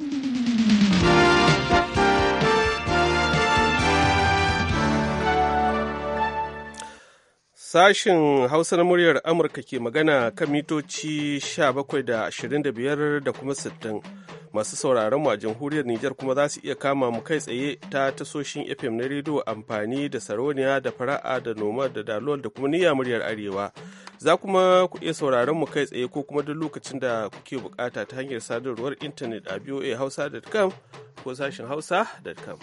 Mm-hmm. Sashen Hausa na muryar Amurka ke magana kan mitoci 17 da 25 da kuma 60. Masu sauraron mu a jamhuriyar Nijar kuma za su iya kama mu kai tsaye ta tasoshin FM na rediyo amfani da Saroniya da Fara'a da Noma da Dalol da kuma Niyya muryar Arewa. Za kuma ku iya sauraron mu kai tsaye ko kuma duk lokacin da kuke bukata ta hanyar sadarwar intanet a voahausa.com ko sashin hausa.com.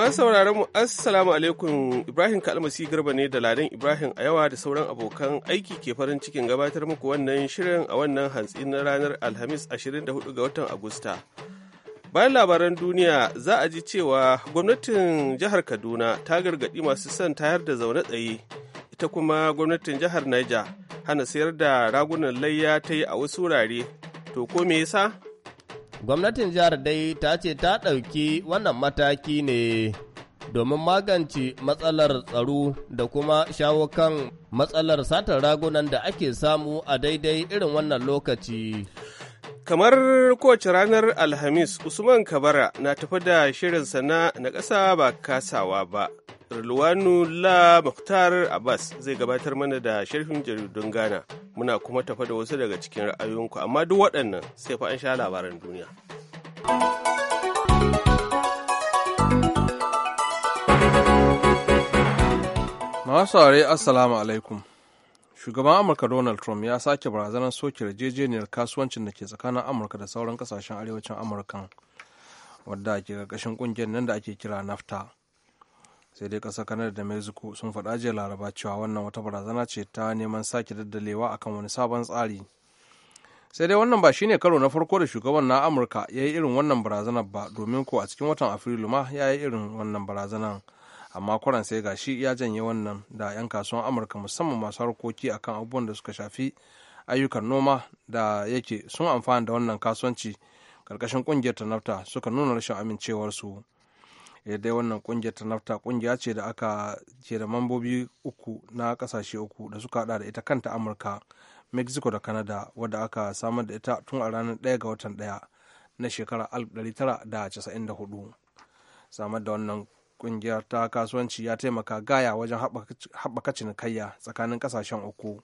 Masu sauraron mu Assalamu alaikum Ibrahim Kalmasi Garba ne da Ladan Ibrahim a yawa da sauran abokan aiki ke farin cikin gabatar muku wannan shirin a wannan hantsi na ranar Alhamis 24 ga watan Agusta. Bayan labaran duniya za a ji cewa gwamnatin jihar Kaduna ta gargaɗi masu son tayar da zaune tsaye ita kuma gwamnatin jihar Niger hana sayar da ragunan layya ta yi a wasu wurare. To ko me yasa? Gwamnatin jihar dai ta ce ta ɗauki wannan mataki ne domin magance matsalar tsaro da kuma shawo kan matsalar satar ragunan da ake samu a daidai irin wannan lokaci. Kamar kowace ranar Alhamis, Usman Kabara na tafi da shirin sana na ƙasa ba kasawa ba. la muktar Abbas zai gabatar mana da sharhin jaridun Ghana. Muna kuma tafa da wasu daga cikin ra'ayoyinku, amma duk waɗannan sai fa an sha labaran duniya. Masu assalamu alaikum. shugaban amurka donald trump ya sake barazanar soke yarjejeniyar kasuwancin da ke tsakanin amurka da sauran kasashen arewacin amurka wadda ke ƙarƙashin ƙungiyar nan da ake kira nafta sai dai kasar kanada da mexico sun faɗa jiya laraba cewa wannan wata barazana ce ta neman sake daddalewa akan wani sabon tsari sai dai wannan ba shine karo na farko da shugaban na amurka ya yi irin wannan barazanar ba domin ko a cikin watan afrilu ma ya yi irin wannan barazanar amma kwaran sai ga shi ya janye wannan da 'yan kasuwan amurka musamman masu harkoki akan abubuwan da suka shafi ayyukan noma da yake sun amfana da wannan kasuwanci karkashin kungiyar ta nafta suka nuna rashin amincewarsu eh, dai wannan kungiyar ta nafta kungiya ce da aka ke da mambobi uku na kasashe uku da suka hada da ita kanta amurka mexico da canada wadda aka samar da ita tun a ranar 1 ga watan 1 na shekarar 1994 samar da wannan kungiyar ta kasuwanci ya taimaka gaya wajen haɓaka cinikayya tsakanin kasashen uku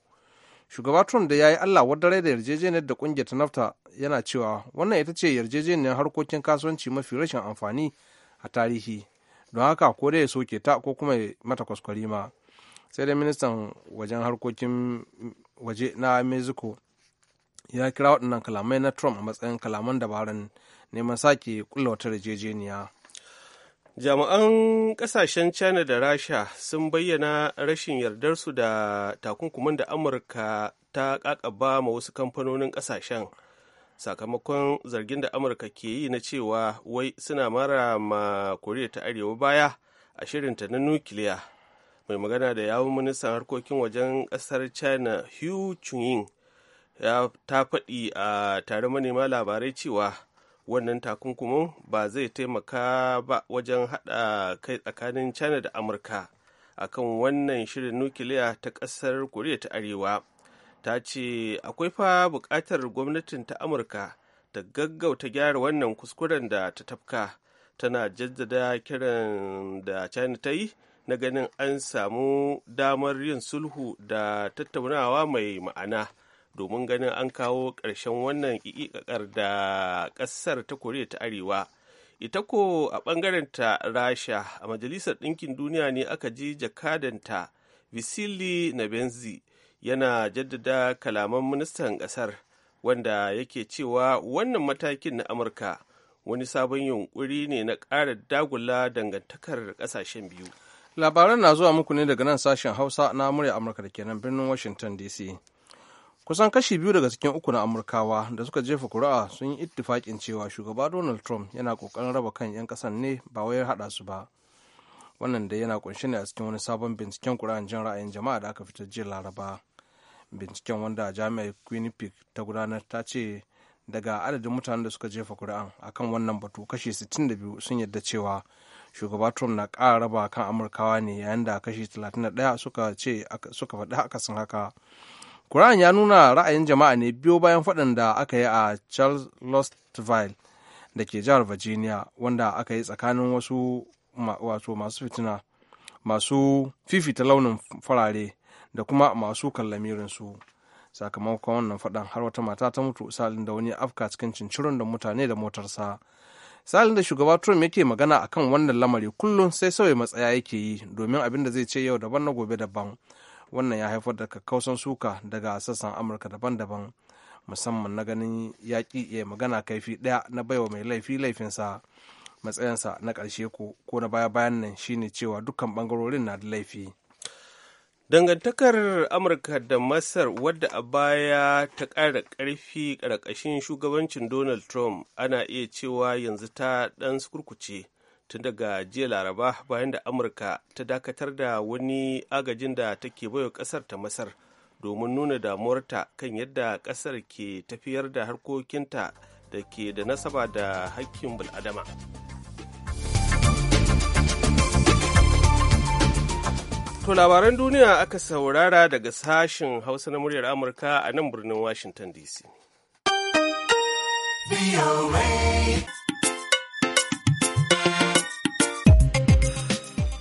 shugaba trump da ya yi allah wadare da yarjejeniyar da kungiyar ta nafta yana cewa wannan ita ce yarjejeniyar harkokin kasuwanci mafi rashin amfani a tarihi don haka ko dai ya soke ta ko kuma mata kwaskwarima sai dai ministan wajen harkokin waje na mexico ya kira waɗannan kalamai na trump a matsayin kalaman dabarun neman sake kulla wata yarjejeniya jami'an kasashen china da rasha sun bayyana rashin yardarsu da takunkuman da amurka ta kakaba ma wasu kamfanonin kasashen sakamakon zargin da amurka ke yi na cewa wai suna mara ma koriya ta arewa baya a shirinta na nukiliya mai magana da yawun ministan harkokin wajen kasar china hu chunying ta faɗi a tare manema labarai cewa wannan takunkumin ba zai taimaka ba wajen haɗa kai tsakanin china da amurka akan wannan shirin nukiliya ta ƙasar koriya ta arewa ta ce akwai fa buƙatar gwamnatin ta amurka ta gaggauta gyara wannan kuskuren da ta tafka tana jaddada kiran da china ta yi na ganin an samu damar yin sulhu da tattaunawa mai ma'ana domin ganin an kawo ƙarshen wannan ƙiƙaƙar da ƙasar ta koriya ta arewa ita ko a ɓangaren ta rasha a majalisar ɗinkin duniya ne aka ji jakadanta visili benzi yana jaddada kalaman ministan ƙasar wanda yake cewa wannan matakin na amurka wani sabon yunkuri ne na ƙara dagula dangantakar ƙasashen biyu labaran na zuwa muku ne daga nan sashen hausa na murya amurka da kenan birnin washington dc kusan kashi biyu daga cikin uku na amurkawa da suka jefa kuri'a sun yi ittifakin cewa shugaba donald trump yana kokarin raba kan 'yan kasan ne ba wayar hada su ba wannan da yana kunshi ne a cikin wani sabon binciken kuri'an jin ra'ayin jama'a da aka fitar jiya laraba binciken wanda jami'ar quinnipiac ta gudanar ta ce daga adadin mutanen da suka jefa kuri'an akan wannan batu kashi 62 sun yadda cewa shugaba trump na ƙara raba kan amurkawa ne yayin da kashi 31 suka ce suka faɗi akasin haka Quran ya nuna ra'ayin jama'a ne biyo bayan faɗin da aka yi a Charlottesville da ke jihar Virginia wanda aka yi tsakanin wasu wato masu fitina masu fifita launin farare da kuma masu kallamirinsu sakamakon wannan faɗan har wata mata ta mutu salin da wani afka cikin cincirin da mutane da motarsa salin da shugaba trump yake magana akan wannan lamari kullum sai sauya matsaya yake yi domin abin da zai ce yau daban na gobe daban wannan ya haifar da kakkausan suka daga sassan amurka daban-daban musamman na ganin yaƙi ya magana kaifi ɗaya na baiwa mai laifi laifinsa matsayinsa na ƙarshe ko na baya-bayan nan shine cewa dukkan ɓangarorin na da laifi dangantakar amurka da masar wadda a baya ta ƙara ƙarfi ƙarƙashin shugabancin donald trump ana iya cewa yanzu ta ɗan kurkuce tun daga jiya laraba bayan da amurka ta dakatar da wani agajin da take baiwa kasar ta masar domin nuna damuwarta kan yadda kasar ke tafiyar da harkokinta da ke da nasaba da hakkin bil'adama to labaran duniya aka saurara daga sashen hausa na muryar amurka a nan birnin washington dc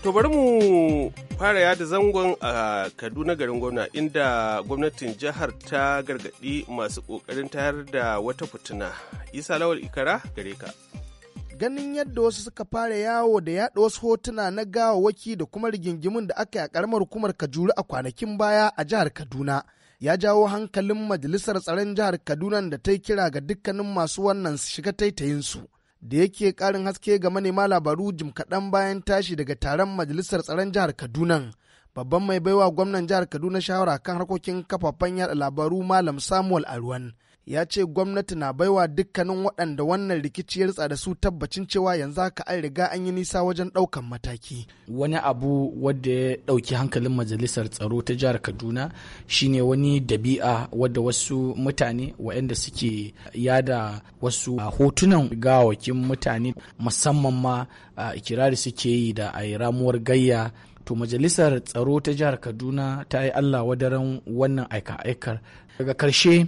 To bari mu fara yada zangon a Kaduna garin gwamna inda gwamnatin jihar ta gargaɗi masu ƙoƙarin tayar da wata fituna. Isa Lawal Ikara gare ka. Ganin yadda wasu suka fara yawo da yaɗa wasu hotuna na gawawaki da kuma rigingimun da aka yi a karamar hukumar Kajuru a kwanakin baya a jihar Kaduna. ya jawo hankalin majalisar tsaron jihar kaduna da ta kira ga dukkanin masu wannan shiga taitayinsu da yake karin haske ga manema labaru jim kaɗan bayan tashi daga taron majalisar tsaron jihar kaduna babban mai baiwa gwamnan jihar kaduna shawara kan harkokin kafafen yada labaru malam samuel arwan ya ce gwamnati na baiwa dukkanin waɗanda wannan rikiciyar tsada su tabbacin cewa yanzu haka an riga an yi nisa wajen ɗaukan mataki. Wani abu wadda ya ɗauki hankalin majalisar tsaro ta jihar Kaduna shine wani dabi'a wadda wasu mutane waɗanda suke yada wasu hotunan gawakin mutane musamman ma ikirari suke yi da a ramuwar gayya to majalisar tsaro ta jihar kaduna ta yi allah wadaran wannan aika-aikar daga karshe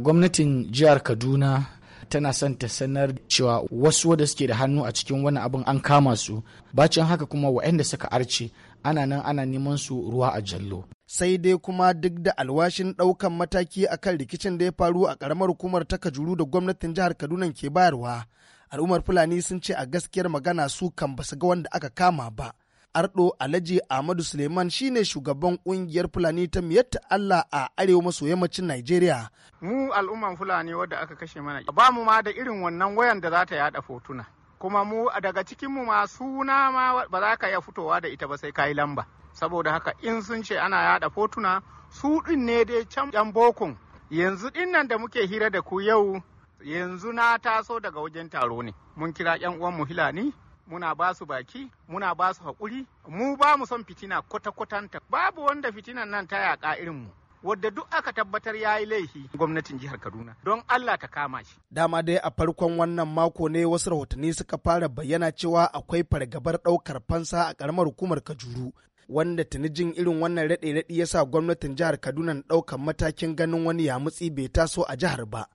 gwamnatin jihar kaduna tana son ta sanar cewa wasu wanda suke da hannu a cikin wani abin an kama su bacin haka kuma waɗanda suka arce ana nan ana neman su ruwa a jallo sai dai kuma duk da alwashin ɗaukan mataki akan rikicin da ya faru a ƙaramar hukumar ta kajuru da gwamnatin jihar kaduna ke bayarwa al'ummar fulani sun ce a gaskiyar magana su kan basu ga wanda aka kama ba Ardo Alhaji Ahmadu Suleiman shine shugaban kungiyar Fulani ta Miyatta Allah a arewa maso yammacin Najeriya. Mu al'umman Fulani wadda aka kashe mana ba mu ma da irin wannan wayan da za ta yada fotuna. Kuma mu daga cikin mu ma suna ma ba za ka iya fitowa da ita ba sai kayi lamba. Saboda haka in sun ce ana yada fotuna su din ne dai can yan bokun. Yanzu din nan da muke hira da ku yau yanzu na taso daga wajen taro ne. Mun kira 'yan uwan mu Fulani muna ba su baki muna ba su haƙuri mu ba mu son fitina kwata-kwatanta babu wanda fitinan nan ta yaƙa irin mu wadda duk aka tabbatar ya yi laifi gwamnatin jihar Kaduna don Allah ta kama shi. Dama dai a farkon wannan mako ne wasu rahotanni suka fara bayyana cewa akwai fargabar ɗaukar fansa a ƙaramar hukumar Kajuru. Wanda tuni jin irin wannan raɗe-raɗi ya sa gwamnatin jihar Kaduna ɗaukar matakin ganin wani yamutsi bai taso a jihar ba.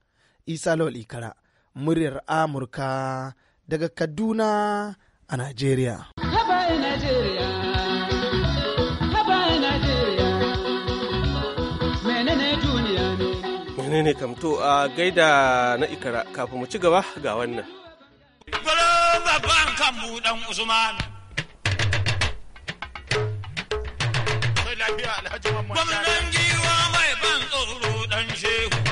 Isa Lawal Ikara, muryar Amurka daga Kaduna a Najeriya. Menene kamto a gaida na ikara kafin mu ci gaba ga wannan. Gwaro babban kan buɗan Usman. Gwamnan giwa mai ban tsoro ɗan shehu.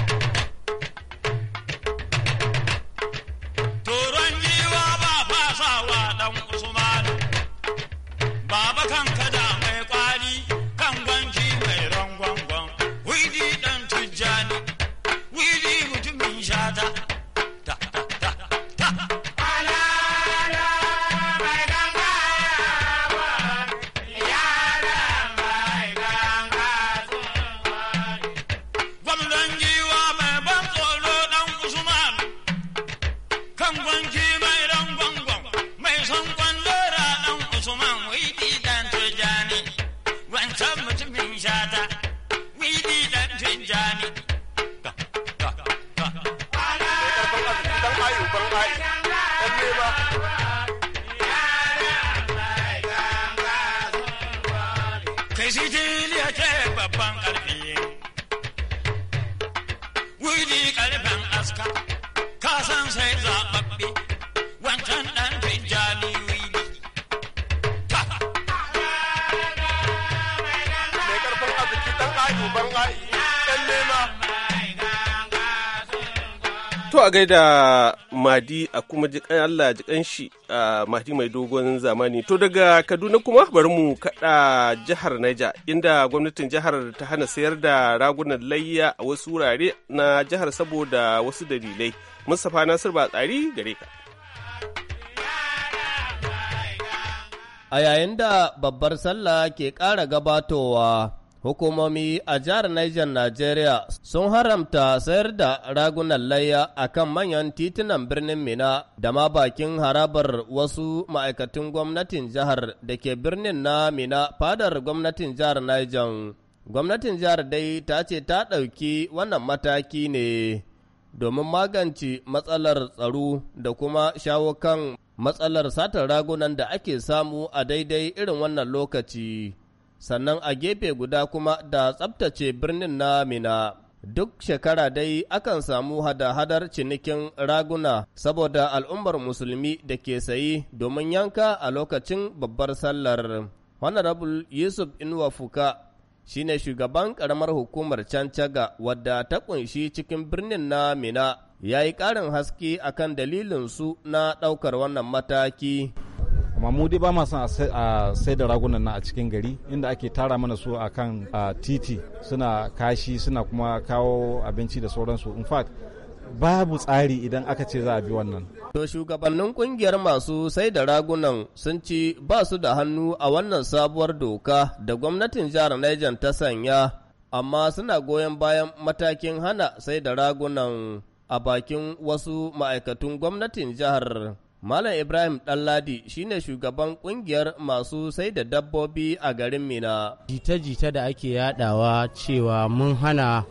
san sai zaɓaɓɓe wancan ɗan wili. Mai ƙarfin arziki ɗan ban ɗan nema. To a gaida Madi a kuma jikan Allah jikan shi a Madi mai dogon zamani. To daga Kaduna kuma bari mu kaɗa jihar Naija inda gwamnatin jihar ta hana sayar da ragunan layya a wasu wurare na jihar saboda wasu dalilai. Mustapha Nasir Batsari gare ka. A yayin da babbar sallah ke ƙara gabatowa, hukumomi a jihar Niger Najeriya sun haramta sayar da ragunan layya a kan manyan titunan birnin Mina da ma bakin harabar wasu ma'aikatan gwamnatin jihar da ke birnin na Mina fadar gwamnatin jihar Niger. Gwamnatin jihar dai ta ce ta ɗauki wannan mataki ne. domin magance matsalar tsaro da kuma shawo kan matsalar satar ragunan da ake samu a daidai irin wannan lokaci sannan a gefe guda kuma da tsabtace birnin na mina duk shekara dai akan samu hada-hadar cinikin raguna saboda al'ummar musulmi da ke sayi domin yanka a lokacin babbar sallar honorable yusuf inuwa fuka shine shugaban karamar hukumar Cancaga wadda ta kunshi cikin birnin na Mina ya yi ƙarin haske akan dalilin su na ɗaukar wannan mataki. mamudi ba ma a sai da ragunan na a cikin gari inda ake tara mana su a kan titi suna kashi suna kuma kawo abinci da sauransu in fact babu tsari idan aka ce za a bi wannan To shugabannin kungiyar masu sai da ragunan sun ci ba su da hannu a wannan sabuwar doka da gwamnatin jihar Niger ta sanya, amma suna goyon bayan matakin hana sai da ragunan a bakin wasu ma'aikatun gwamnatin jihar. Malam Ibrahim Ɗanladi ne shugaban ƙungiyar masu sai da dabbobi a garin Mina. Jita-jita da ake yadawa cewa mun hana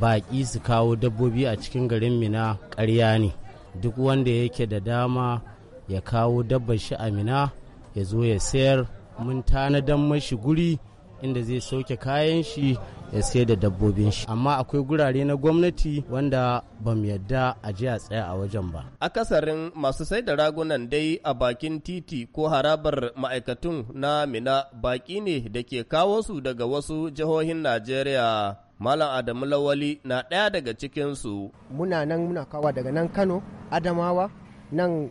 baƙi su kawo dabbobi a cikin garin Mina ƙarya ne. duk wanda yake da dama ya kawo dabbar shi amina ya zo ya sayar mun tanadan mashi guri inda zai sauke kayan shi ya sai da dabbobin shi amma akwai gurare na gwamnati wanda ba mu yadda a a tsaya a wajen ba akasarin masu sai da ragunan dai a bakin titi ko harabar ma'aikatun na mina baki ne da ke kawo su daga wasu jihohin najeriya malam adamu lawali na ɗaya daga cikinsu muna nan muna kawa daga nan kano adamawa nan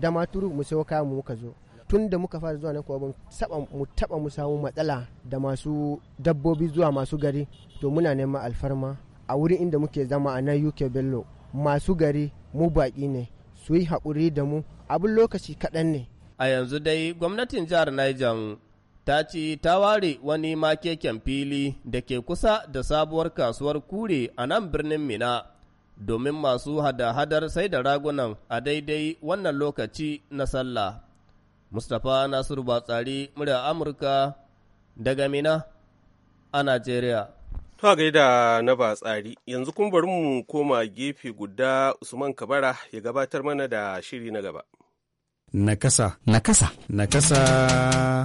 damaturu mu sayo kaya mu muka zo tun da muka fara zuwa nan kuwa mu taba mu samu matsala da masu dabbobi zuwa masu gari to muna neman alfarma a wurin inda muke zama a na UK Bello masu gari mu baƙi ne su yi haƙuri da mu abin lokaci kaɗan ne. A yanzu dai gwamnatin jihar Niger ta ce ta ware wani makeken fili da ke kusa da sabuwar kasuwar kure a nan birnin Mina domin masu hada-hadar sai da ragunan a daidai wannan lokaci na sallah. Mustapha Nasiru Batsari murya Amurka daga Mina a Najeriya. To gaida na Batsari, yanzu kun bari mu koma gefe guda Usman Kabara ya gabatar mana da shiri na gaba. Nakasa. Nakasa. Nakasa.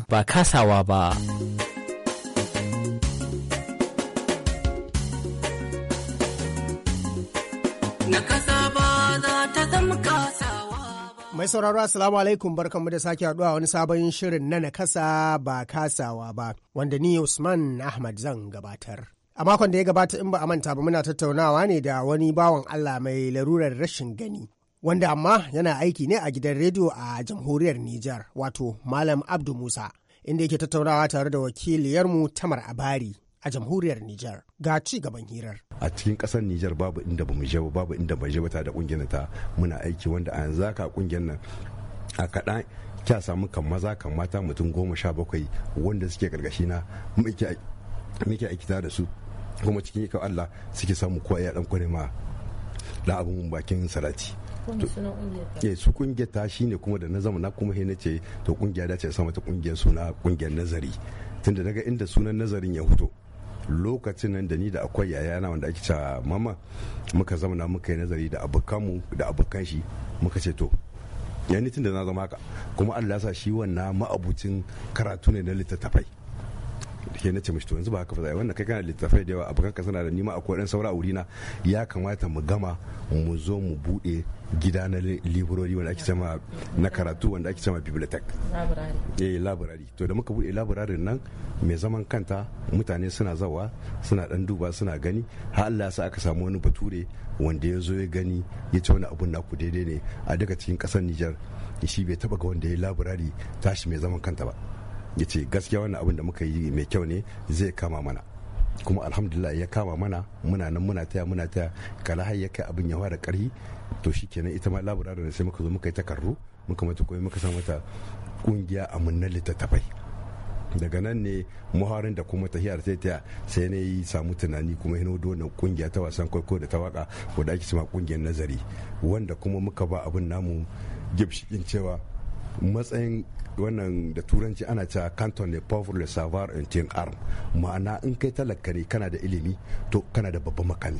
Ba kasawa ba. Nakasa. Mai sauraro Assalamu alaikum barkanmu da sake haɗuwa wani sabon shirin na nakasa ba kasawa ba wanda ni Usman Ahmad zan gabatar. A makon da ya gabata in ba a manta ba muna tattaunawa ne da wani bawan Allah mai larurar rashin gani wanda amma yana aiki ne a gidan rediyo a jamhuriyar Nijar wato Malam Abdu Musa inda yake tattaunawa tare da wakiliyarmu Tamar Abari a jamhuriyar Nijar ga ci gaban hirar. a cikin kasar Nijar babu inda ba mu je babu inda ba je ba ta da kungiyar ta muna aiki wanda a yanzu haka kungiyar nan a kaɗan kya samu kan maza kan mata mutum goma sha bakwai wanda suke gargashi na muke aiki da su kuma cikin ikon Allah suke samu kowa ya dan ma da abun bakin salati eh su kungiyar ta shine kuma da na zama na kuma he nace to kungiya dace sama ta kungiyar suna kungiyar nazari tunda daga inda sunan nazarin ya fito lokacin nan da ni da akwai yayana wanda ake cewa mama muka zauna muka yi nazari da abokanmu da abokan shi muka ce to yani tun da na zama haka kuma Allah sa shi wannan ma'abucin karatu ne na littattafai ke na ce mishi to yanzu ba haka fa wannan kai kana littafai da yawa abokan ka suna da nima akwai dan saura wuri na ya kamata mu gama mu zo mu bude gida na librori wanda ake cewa na karatu wanda ake cema bibliotek eh library to da muka bude library nan mai zaman kanta mutane suna zawa suna dan duba suna gani har Allah ya sa aka samu wani bature wanda ya zo ya gani ya ce wani abun naku daidai ne a daga cikin kasar Niger shi bai taba ga wanda ya library tashi mai zaman kanta ba ya ce gaskiya wannan abin da muka yi mai kyau ne zai kama mana kuma alhamdulillah ya kama mana muna nan muna taya muna taya kala har ya kai abin ya fara karhi to shikenan ita ma labura da sai muka zo muka yi takarru muka mata koyi muka sa mata kungiya a munnan littattafai daga nan ne muharin da kuma tahiyar ta taya sai ne yi samu tunani kuma hino da wannan kungiya ta wasan kwaikwayo da ta waka wadda ake cima kungiyar nazari wanda kuma muka ba abin namu gibshikin cewa matsayin wannan da turanci ana cewa canton ne pauvre le savoir un tien arm ma'ana in kai talaka ne kana da ilimi to kana da babban makami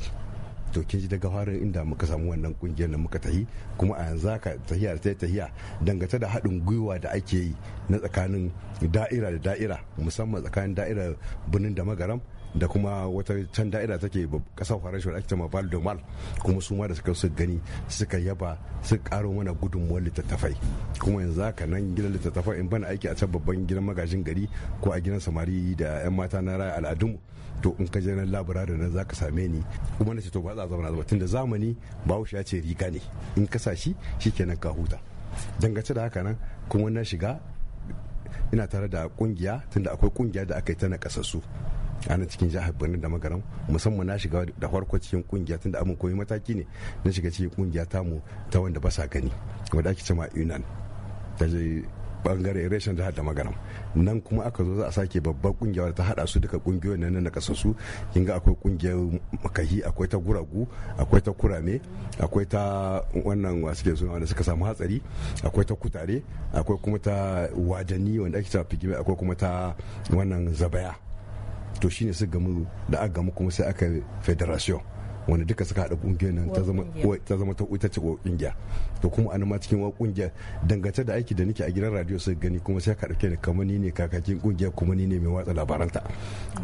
to kin ji daga farin inda muka samu wannan kungiyar da muka tahi kuma a yanzu ka tahiya ta tahiya dangata da haɗin gwiwa da ake yi na tsakanin da'ira da da'ira musamman tsakanin da'irar birnin da magaram da kuma wata can da'ira take kasar faransa da ake cewa val domal kuma su ma da suka su gani suka yaba suka karo mana gudunmuwar littattafai kuma yanzu haka nan gidan littattafai in bana aiki a can babban gidan magajin gari ko a gidan samari da yan mata na raya al'adunmu to in ka je nan laburare na za ka same ni kuma na ce to ba za a zauna ba tunda zamani bahaushe ya ce riga ne in ka sa shi shikenan ka huta dangace da haka nan kuma na shiga ina tare da kungiya tunda akwai kungiya da aka yi ta na kasassu ana cikin jihar birnin da magaram musamman na shiga da farko cikin kungiya tunda amun koyi mataki ne na shiga cikin kungiya mu ta wanda ba sa gani wanda ake cewa yunan ta je bangare reshen jihar da magaram nan kuma aka zo za a sake babbar kungiya wadda ta hada su duka kungiyoyin nan na kasassu kin ga akwai kungiyar makahi akwai ta guragu akwai ta kurame akwai ta wannan wasu ke suna wanda suka samu hatsari akwai ta kutare akwai kuma ta wajani wanda ake cewa akwai kuma ta wannan zabaya to shine su gamu da aka gamu kuma sai aka federation wanda duka suka haɗa ƙungiyar nan ta zama ta ita ce ƙungiya to kuma an ma cikin wani ƙungiya da aiki da nake a gidan radio sai gani kuma sai ka ɗauke ni kamar ni ne kakakin ƙungiya kuma ni ne mai watsa labaranta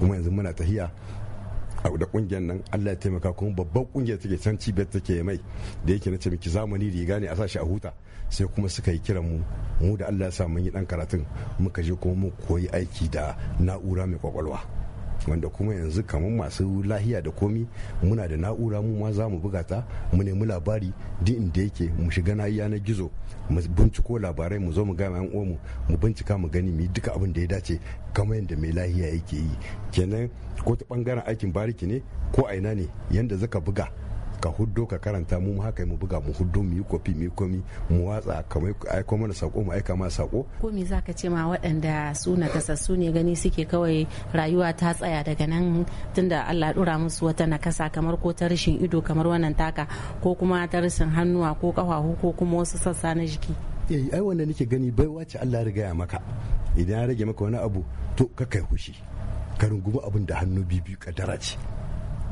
kuma yanzu muna tahiya a da ƙungiyar nan Allah ya taimaka kuma babban ƙungiyar take can cibiyar take mai da yake na ce miki zamani riga ne a shi a huta sai kuma suka yi kiran mu mu da Allah ya sa mun yi ɗan karatun muka je kuma mu koyi aiki da na'ura mai kwakwalwa wanda kuma yanzu kamar masu lahiya da komi muna da na'ura mu ma za mu buga ta mu nemi labari duk inda yake mu shiga na yanar gizo mu binciko labarai mu zo mu gama yan uwanmu mu bincika mu gani mu yi duka abin da ya dace kamar yadda mai lahiya yake yi kenan ko ta bangaren aikin bariki ne ko aina ne yanda zaka buga ka huddo ka karanta mu haka mu buga mu huddo mu yi kofi mu yi komi mu watsa kamar aiko mana sako mu aika ma sako ko me zaka ce ma waɗanda su nakasassu ne gani suke kawai rayuwa ta tsaya daga nan tunda Allah dura musu wata nakasa kamar ko ta rashin ido kamar wannan taka ko kuma ta rashin hannuwa ko kafafu ko kuma wasu sassa na jiki eh ai wanda nake gani bai wace Allah riga ya maka idan ya rage maka wani abu to ka kai hushi ka rungumi abin da hannu bibi kadara ce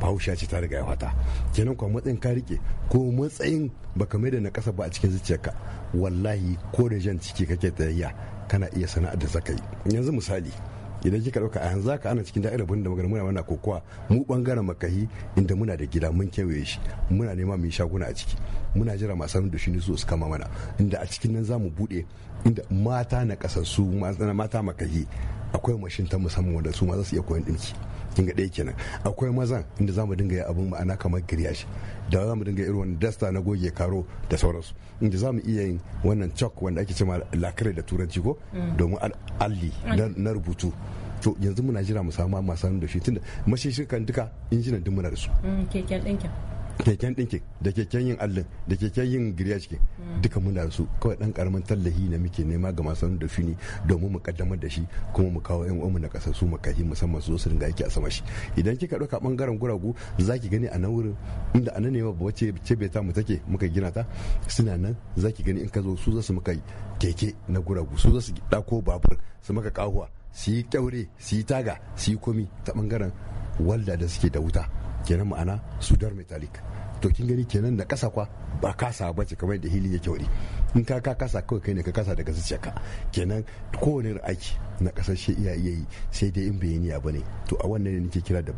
bahaushe ce ta riga ya fata kenan kuwa matsayin ka rike ko matsayin baka mai da na kasa ba a cikin zuciyarka wallahi ko da jan ciki kake tayayya kana iya sana'ar da zaka yi yanzu misali idan kika dauka a yanzu haka ana cikin da'irar da magana muna mana kokowa mu bangaren makahi inda muna da gida mun kewaye shi muna nema mu yi shaguna a ciki muna jira masu da shi su su kama mana inda a cikin nan zamu bude inda mata na su mata makahi akwai mashin ta musamman wanda su ma za su iya koyon dinki kin ga ɗaya kenan akwai mazan inda zamu dinga yi abin ma'ana kamar giryashi da za mu dinga irin dasta na goge karo da sauransu inda zamu iya yin wannan chalk wanda ake cewa lakare da turanci ko mm. domin alli na rubutu to yanzu muna jira mu samu masu da shi tunda mashi kan duka injinan duk muna da su mm, keken ɗinkin da keken yin allin da keken yin giryash ke hmm. duka muna su kawai ɗan karamin tallahi na muke nema ga masu da fini domin mu kaddamar da shi kuma mu kawo yan uwanmu na kasar su mu makahi musamman su su dinga yake a sama shi idan kika ɗauka bangaren guragu za ki gani a nan wurin inda a ba wace ce bai ta mu take muka gina ta suna nan zaki gani in ka zo su za su muka keke na guragu su za su babur su maka kahuwa su yi kyaure su yi taga su yi komi ta bangaren walda da suke da wuta kenan ma'ana sudar metallic to kin gani kenan da kasa kwa ba kasa ba ce kamar da hili yake wuri in ka ka kasa kawai kai ne ka kasa daga ka kenan kowane aiki na kasashe iya iya yi sai dai in bayaniya ba ne to a wannan ne nake kira da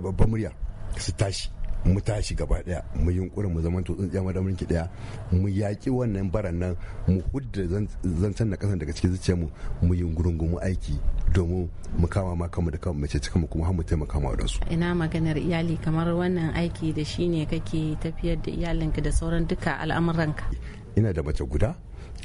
babban murya su tashi mu tashi gaba daya mu yunkurin mu zaman tutsun tsintsiya madamin ki daya mu yaki wannan baran nan mu hudda zancen na kasan daga cikin zuciyar mu mu yi mu aiki domin mu kama ma kanmu da kanmu mace cikin mu kuma har mu taimaka ma su ina maganar iyali kamar wannan aiki da shine kake tafiyar da iyalinka da sauran duka al'amuranka ina da mace guda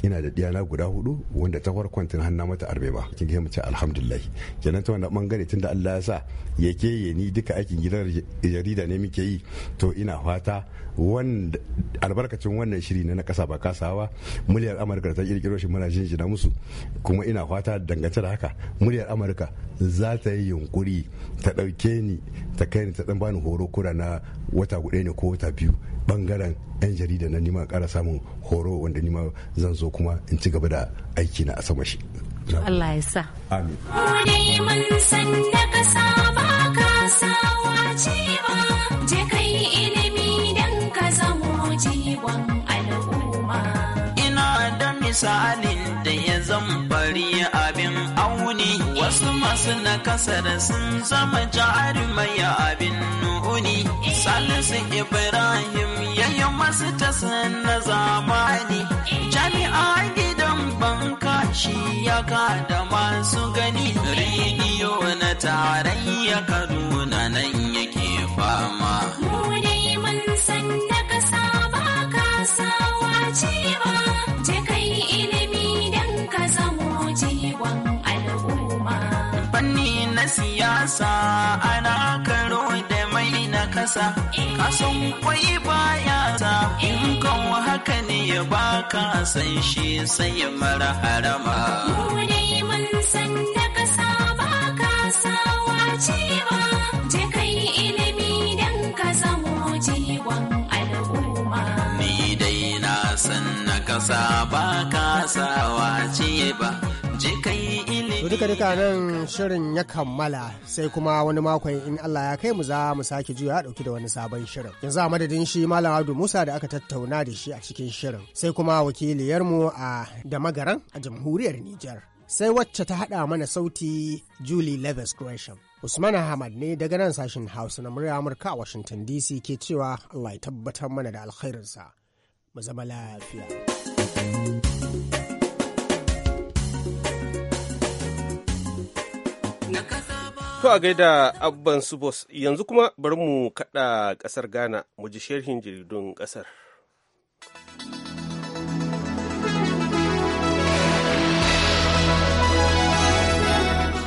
ina da diyana guda hudu wanda ta farkon tun hanna mata arbe ba kin ga mace alhamdulillah kenan ta wannan bangare tunda Allah ya sa yake ye ni duka aikin gidan jarida ne muke yi to ina fata wanda albarkacin wannan shiri na kasa ba kasawa muryar Amurka ta kirkiro shi muna jinjina musu kuma ina fata dangantar da haka muryar Amurka za ta yi yunkuri ta dauke ni ta kai ni ta dan bani horo kura na wata gudu ne ko wata biyu bangaren 'yan jarida na nima kara samun horo wanda nima zan zo kuma in ci gaba da aiki na a sama shi Allah ya sa amin ina da misali Wasu masu nakasar sun zama jarumai a abin nuni. Salisu Ibrahim yayi masu tasan na zamani. Jami'a gidan banka shi ya da masu gani. Rediyo na tarayya Kaduna nan yake fama. kasa ana karo da mai nakasa kasan kwai baya sa in kan haka ne ya baka san shi sai mara harama mu ne mun san nakasa kasa ba kasa wace ba je kai ilimi dan ka zamo jiwon al'umma ni dai na san nakasa ba kasawa ce ba duka-duka nan shirin ya kammala sai kuma wani makon in Allah ya kai mu za mu sake juya a dauki da wani sabon shirin. Yanzu a madadin shi Malam Abdu Musa da aka tattauna da shi a cikin shirin. Sai kuma wakiliyarmu a da magaran a jamhuriyar Nijar. Sai wacce ta haɗa mana sauti Julie Levis Gresham. Usman Ahmad ne daga nan sashen Hausa na murya Amurka a Washington DC ke cewa Allah ya tabbatar mana da alkhairinsa. Mu zama lafiya. To a gaida abban su yanzu kuma bari mu kaɗa ƙasar Ghana mu ji sharhin jaridun ƙasar.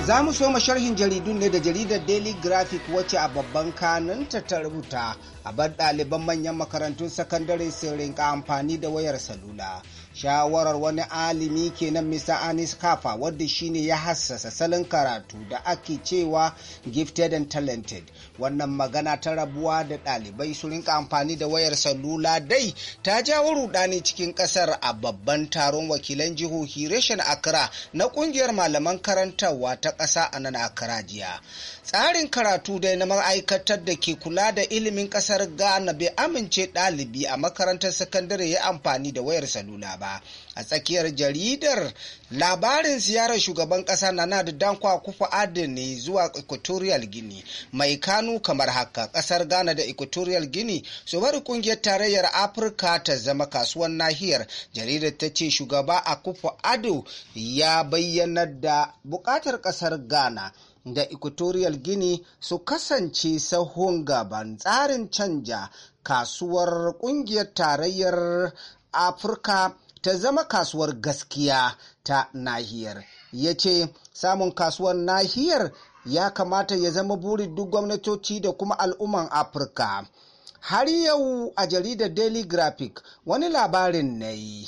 Za mu so sharhin jaridun ne da jaridar Daily Graphic wacce a babban kananta ta rubuta a bar ɗaliban manyan makarantun sakandare sun rinka amfani da wayar salula. shawarar wani alimi kenan mr anis kafa wadda shine ya hassasa salon karatu da ake cewa gifted and talented wannan magana ta rabuwa da ɗalibai su rinka amfani da wayar salula dai ta jawo rudani cikin ƙasar a babban taron wakilan jihohi reshen accra na ƙungiyar malaman karantarwa ta ƙasa a nan Akra jiya tsarin karatu dai na ma'aikatar da ke kula da ilimin ƙasar ghana bai amince ɗalibi a makarantar sakandare ya amfani da wayar salula ba ba a tsakiyar jaridar labarin ziyarar shugaban kasa na da dankwa kufa adin ne zuwa equatorial guinea mai kanu kamar haka kasar ghana da equatorial guinea su bari kungiyar tarayyar afirka ta zama kasuwar nahiyar jaridar ta ce shugaba a Kufu ado ya bayyana da bukatar kasar ghana da equatorial guinea su kasance sahun gaban tsarin canja kasuwar kungiyar tarayyar afirka ta zama kasuwar gaskiya ta nahiyar ya ce samun kasuwar nahiyar ya kamata ya zama burin duk gwamnatoci da kuma al'umman afirka har yau a jaridar daily graphic wani labarin na yi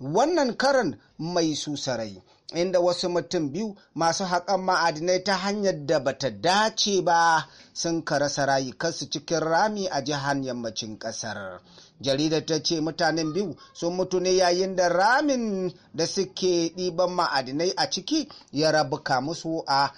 wannan karan mai susarai inda wasu mutum biyu masu haƙan ma'adinai ta hanyar da bata dace ba sun karasa rayukansu cikin rami a jihar yammacin ƙasar jaridar ta ce mutanen biyu sun mutu ne yayin da ramin da suke ɗiban ma'adinai a ciki ya rabuka musu a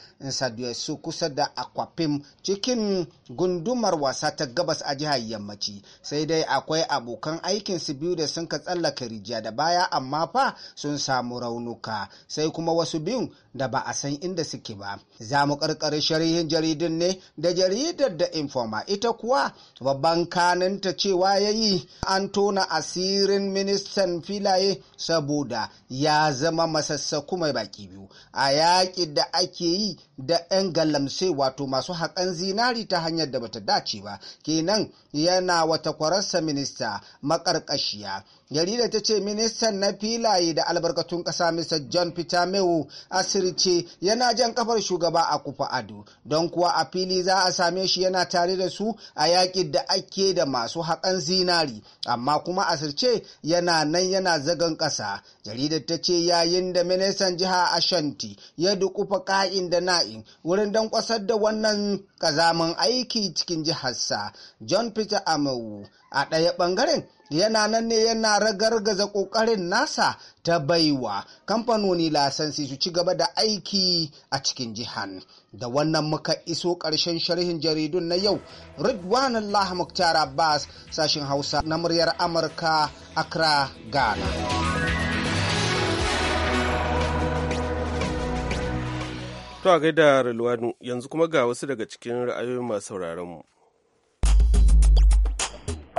su kusa da akwafim cikin gundumar wasa ta gabas a jihar yammaci sai dai akwai abokan aikin su biyu da sun ka tsallaka rijiya da baya amma fa sun samu raunuka sai kuma wasu biyun da ba a san inda suke ba za mu ƙarƙari sharihin jaridun ne da jaridar da informa ita kuwa babban kananta cewa ya yi an tona asirin ministan filaye saboda ya zama masassaku mai baki biyu a yaƙi da ake yi da 'yan galamse wato masu haƙan zinari ta hanyar da bata dace ba kenan yana wata kwararsa minista maƙarƙashiya jarida ta ce ministan na filaye da albarkatun ƙasa mr john peter mewu asirce yana jan kafar shugaba a kufa ado don kuwa a fili za a same shi yana tare da su a yaƙi da ake da masu haƙan zinari amma kuma asirce yana nan yana zagan ƙasa jaridar ta ce yayin da ministan jiha ashanti ya dukufa ka'in da na'in wurin don kwasar da wannan ƙazamin aiki cikin jiharsa john peter amewu a ɗaya ɓangaren yana nan ne yana ragargaza ƙoƙarin nasa ta baiwa kamfanoni lasansi su ci gaba da aiki a cikin jihan da wannan muka iso ƙarshen sharhin jaridun na yau ridwan allah muktar abbas sashin hausa na muryar amurka accra ghana to a gaida yanzu kuma ga wasu daga cikin ra'ayoyin masu sauraronmu. mu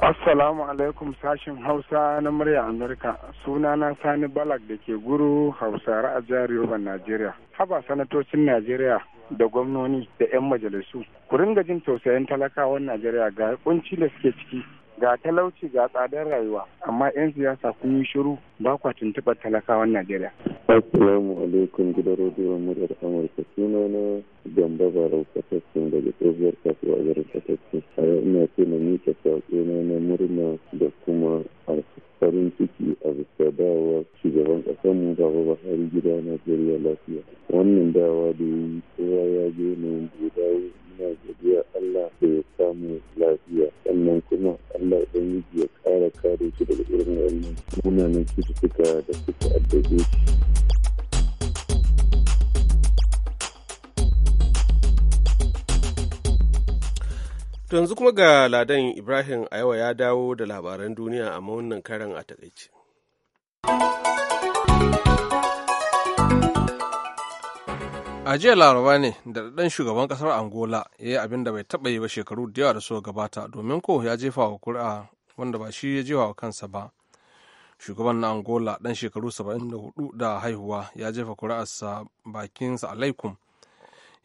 Assalamu alaikum sashen Hausa na murya Amurka. Sunana Sani Balak da ke guru Hausare a jihar Yoruba, Najeriya. Haba sanatocin Najeriya da gwamnoni da 'yan majalisu. Ku ringa jin tausayin talakawan Najeriya ga kunci da suke ciki. ga talauci ga tsadar rayuwa amma 'yan siyasa kun yi shiru ba kwa tuntuɓar talakawan najeriya assalamu alaikum gidan rediyon muryar amurka suna na gamba barau katattun daga tsohuwar kasuwa garin katattun a yau ina so na mika saƙo na na murna da kuma farin ciki a bisa dawa shugaban ƙasar mu baba buhari gida najeriya lafiya wannan dawa da yi kowa ya je ne da dawo yanayin cututtuka da suka addabi. yanzu kuma ga Ladan Ibrahim a ya dawo da labaran duniya a wannan karan a takaice. A jiya laraba ne da ɗan shugaban ƙasar Angola ya yi abin da bai taɓa yi ba shekaru da yawa da suka gabata domin ko ya jefa wa kuri'a wanda ba shi ya jefa wa kansa ba shugaban na angola dan shekaru 74 da haihuwa ya jefa kuri'arsa bakinsa alaikum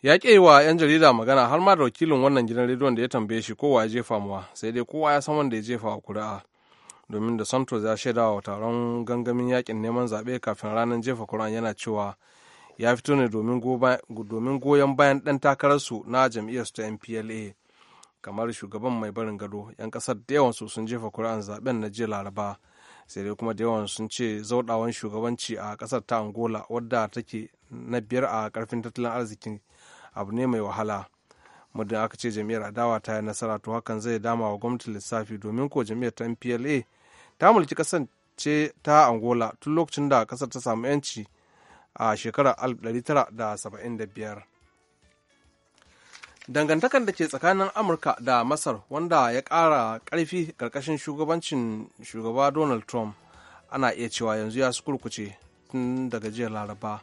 ya ke wa 'yan jarida magana har ma da wakilin wannan gidan rediyon da ya tambaye shi kowa ya jefa muwa sai dai kowa ya san wanda ya jefa wa kuri'a domin da santos ya shaida wa taron gangamin yakin neman zaɓe kafin ranar jefa kuri'an yana cewa ya fito ne domin goyon bayan ɗan takararsu na jam'iyyarsu ta mpla kamar shugaban mai barin gado 'yan ƙasar da yawansu sun jefa kuri'an zaɓen na jiya laraba sai dai kuma da yawan sun ce zaudawan shugabanci a ƙasar ta angola wadda take na biyar a karfin tattalin arzikin abu ne mai wahala muddin aka ce jam'iyyar adawa ta yi nasara to hakan zai dama wa gwamnatin lissafi domin ko jam'iyyar ta mpla ta mulki ƙasar ce ta angola tun lokacin da ƙasar ta samu yanci a shekarar 1975 dangantakar da ke tsakanin amurka da masar wanda ya ƙara ƙarfi ƙarƙashin shugabancin shugaba donald trump ana iya cewa yanzu ya su kurkuce tun daga jiya laraba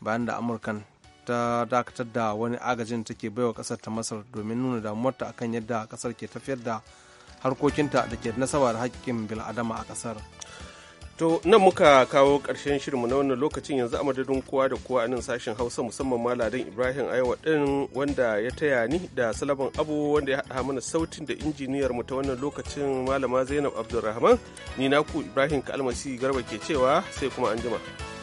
bayan da amurkan ta dakatar da wani agajin take baiwa ƙasar ta masar domin nuna damuwarta akan yadda ƙasar ke tafiyar da harkokinta da ke nasaba da haƙƙin bil'adama a ƙasar To nan muka kawo ƙarshen shirinmu na wannan lokacin yanzu a madadin kowa da kowa a nan sashen Hausa musamman Maladan Ibrahim Aiwa ɗin wanda ya taya ni da Salaban Abu wanda ya haɗa mana sautin da injiniyar mu ta wannan lokacin Malama Zainab Abdulrahman ni naku Ibrahim Kalmasi Garba ke cewa sai kuma anjima.